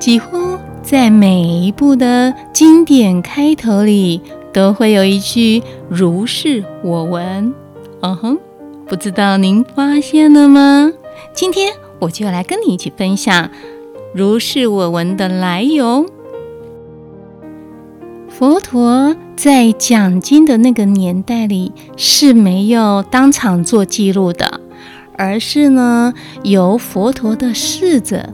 幾乎在每一部的經典開頭裡，都會有一句“如是我聞” uh。嗯哼，不知道您發現了嗎？今天我就來跟你一起分享“如是我聞”的來由。佛陀在講經的那個年代裡是沒有當場做記錄的，而是呢，由佛陀的侍者。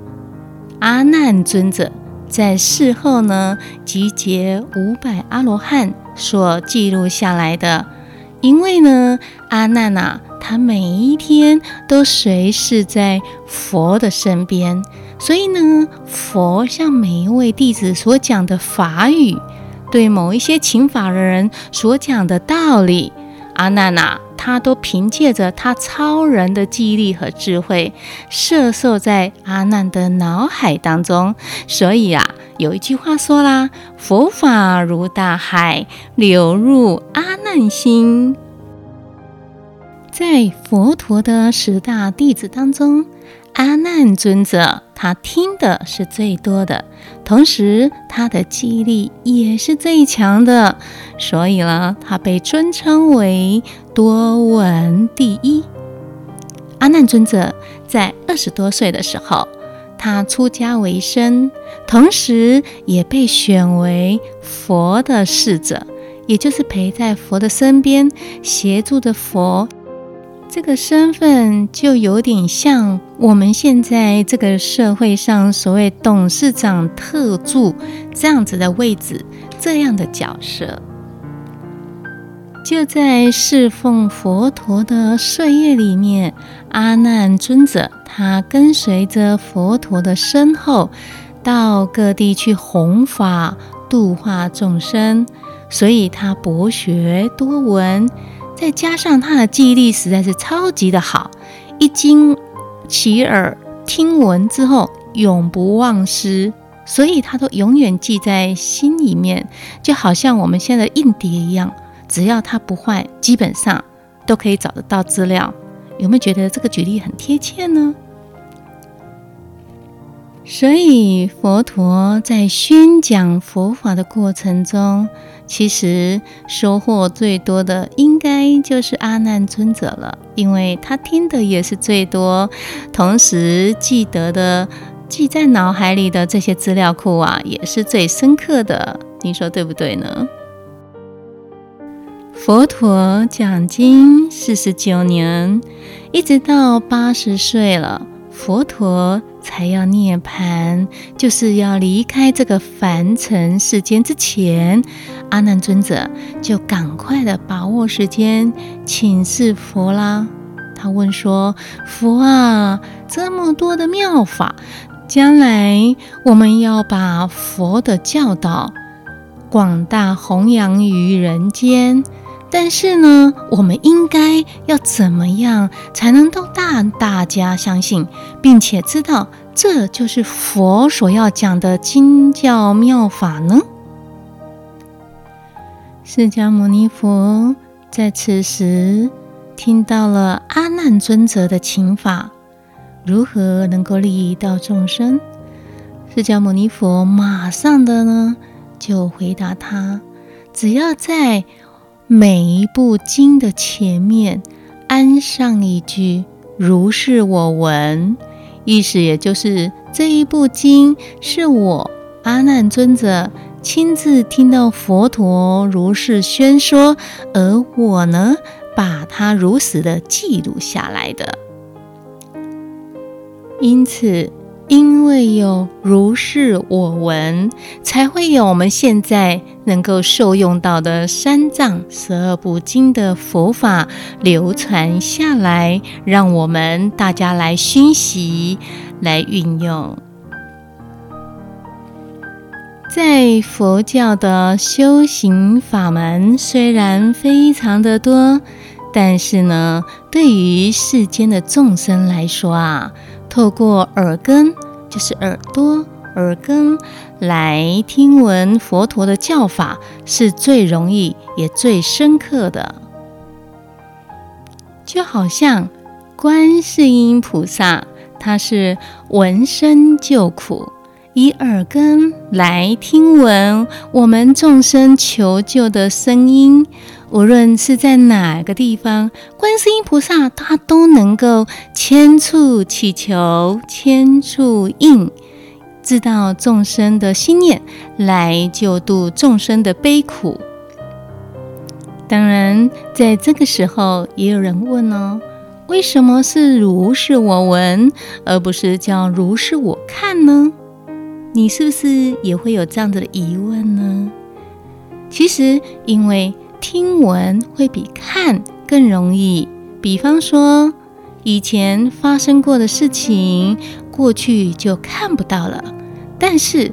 阿難尊者在事後呢，集結五百阿羅漢所記錄下來的。因為呢，阿難啊，他每一天都隨侍在佛的身邊，所以呢，佛向每一位弟子所講的法語，對某一些請法的人所講的道理。阿難吶、啊，他都憑借着他超人的記憶力和智慧，攝受在阿難的腦海當中。所以啊，有一句話說啦：“佛法如大海，流入阿難心。”在佛陀的十大弟子當中，阿難尊者他聽的是最多的，同時他的記憶力也是最強的，所以呢，他被尊稱為多聞第一。阿難尊者在二十多歲的時候，他出家為僧，同時也被選為佛的侍者，也就是陪在佛的身邊，協助着佛。這個身份就有點像我們現在這個社會上所謂董事長特助這樣子的位置，這樣的角色。就在侍奉佛陀的歲月裡面，阿難尊者他跟隨着佛陀的身後，到各地去弘法度化眾生，所以他博學多聞。再加上他的記憶力實在是超級的好，一經其耳聽聞之後，永不忘失，所以他都永遠記在心裡面，就好像我們現在的硬碟一樣，只要他不壞，基本上都可以找得到資料。有沒有覺得這個舉例很貼切呢？所以佛陀在宣講佛法的過程中，其實收穫最多的應該就是阿難尊者了，因為他聽的也是最多，同時記得的、記在腦海裡的這些資料庫啊，也是最深刻的。你說對不對呢？佛陀講經四十九年，一直到八十歲了。佛陀才要涅槃，就是要離開這個凡塵世間之前，阿難尊者就趕快的把握時間，請示佛啦。他問說：“佛啊，這麼多的妙法，將來我們要把佛的教導廣大弘揚於人間。”但是呢，我們應該要怎麼樣才能夠讓大大家相信，並且知道這就是佛所要講的經教妙法呢？釋迦牟尼佛在此時聽到了阿難尊者的請法，如何能夠利益到眾生？釋迦牟尼佛馬上的呢就回答他：只要在。每一部經的前面，安上一句“如是我聞”，意思也就是這一部經是我阿難尊者親自聽到佛陀如是宣說，而我呢，把它如實的記錄下來的。因此。因為有如是我聞，才會有我們現在能夠受用到的三藏十二部經的佛法流傳下來，讓我們大家來熏習、來運用。在佛教的修行法門雖然非常的多，但是呢，對於世間的眾生來說啊。透過耳根，就是耳朵、耳根來聽聞佛陀的教法，是最容易也最深刻的。就好像觀世音菩薩，他是聞聲救苦，以耳根來聽聞我們眾生求救的聲音。無論是在哪個地方，觀世音菩薩他都能夠千處祈求千處應，知道眾生的心念來救度眾生的悲苦。當然，在這個時候，也有人問哦：“為什麼是如是我聞，而不是叫如是我看呢？”你是不是也會有這樣的疑問呢？其實，因為。聽聞會比看更容易。比方說，以前發生過的事情，過去就看不到了。但是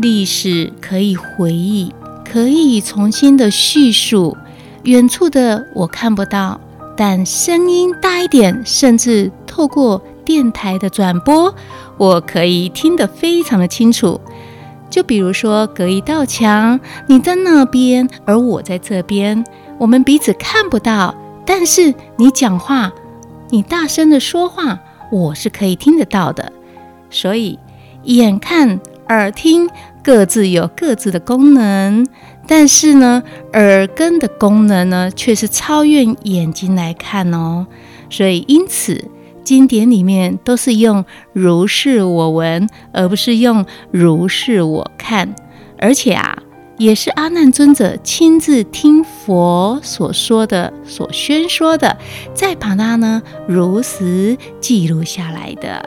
歷史可以回憶，可以重新的敘述。遠處的我看不到，但聲音大一點，甚至透過電台的轉播，我可以聽得非常的清楚。就比如說，隔一道牆，你在那邊，而我在這邊，我們彼此看不到，但是你講話，你大聲的說話，我是可以聽得到的。所以，眼看耳聽，各自有各自的功能。但是呢，耳根的功能呢，卻是超越眼睛來看哦。所以，因此。經典裡面都是用“如是我聞”，而不是用“如是我看”。而且啊，也是阿難尊者親自聽佛所說的、所宣說的，再把它呢，如實記錄下來的。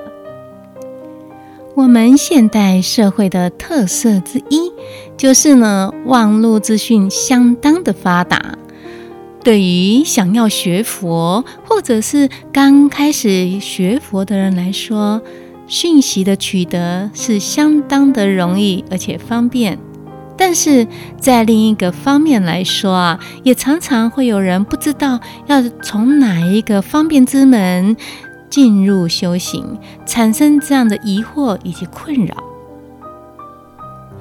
我們現代社會的特色之一，就是呢，網路資訊相當的發達。對於想要學佛，或者是剛開始學佛的人來說，訊息的取得是相當的容易而且方便。但是在另一個方面來說啊，也常常會有人不知道要從哪一個方便之門進入修行，產生這樣的疑惑以及困擾。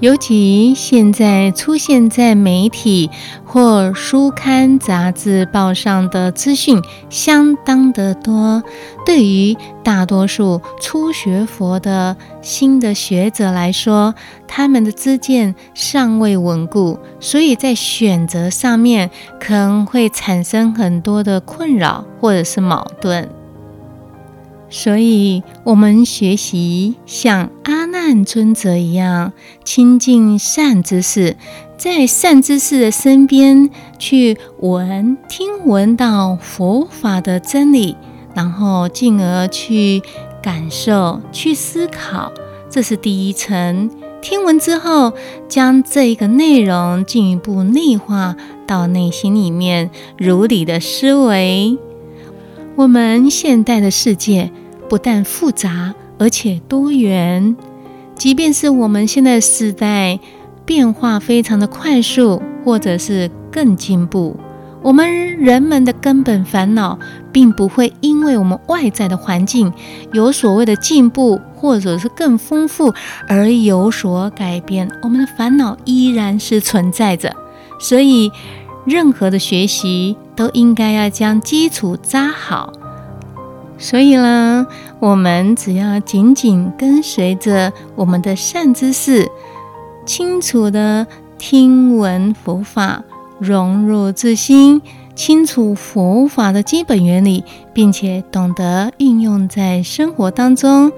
尤其現在出現在媒體或書刊、雜誌、報上的資訊相當的多，對於大多數初學佛的新的學者來說，他們的知見尚未穩固，所以在選擇上面可能會產生很多的困擾或者是矛盾。所以，我們學習像阿善尊者一樣親近善知識，在善知識的身邊去聞聽聞到佛法的真理，然後進而去感受、去思考，這是第一層。聽聞之後，將這一個內容進一步內化到內心裡面，如理的思維。我們現代的世界不但複雜，而且多元。即便是我們現在時代變化非常的快速，或者是更進步，我們人們的根本煩惱，並不會因為我們外在的環境有所謂的進步，或者是更豐富而有所改變。我們的煩惱依然是存在着，所以任何的學習都應該要將基礎扎好。所以呢，我們只要緊緊跟隨着我們的善知識，清楚地聽聞佛法，融入自心，清楚佛法的基本原理，並且懂得應用在生活當中，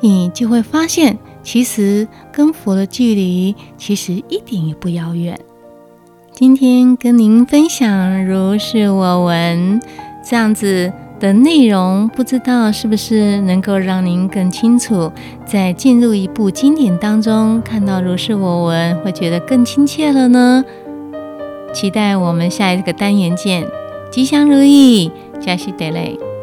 你就會發現，其實跟佛的距離其實一點也不遙遠。今天跟您分享“如是我聞”，這樣子。的內容不知道是不是能夠讓您更清楚，在進入一部經典當中看到如是我聞，會覺得更親切了呢？期待我們下一個單元見，吉祥如意，扎西德勒。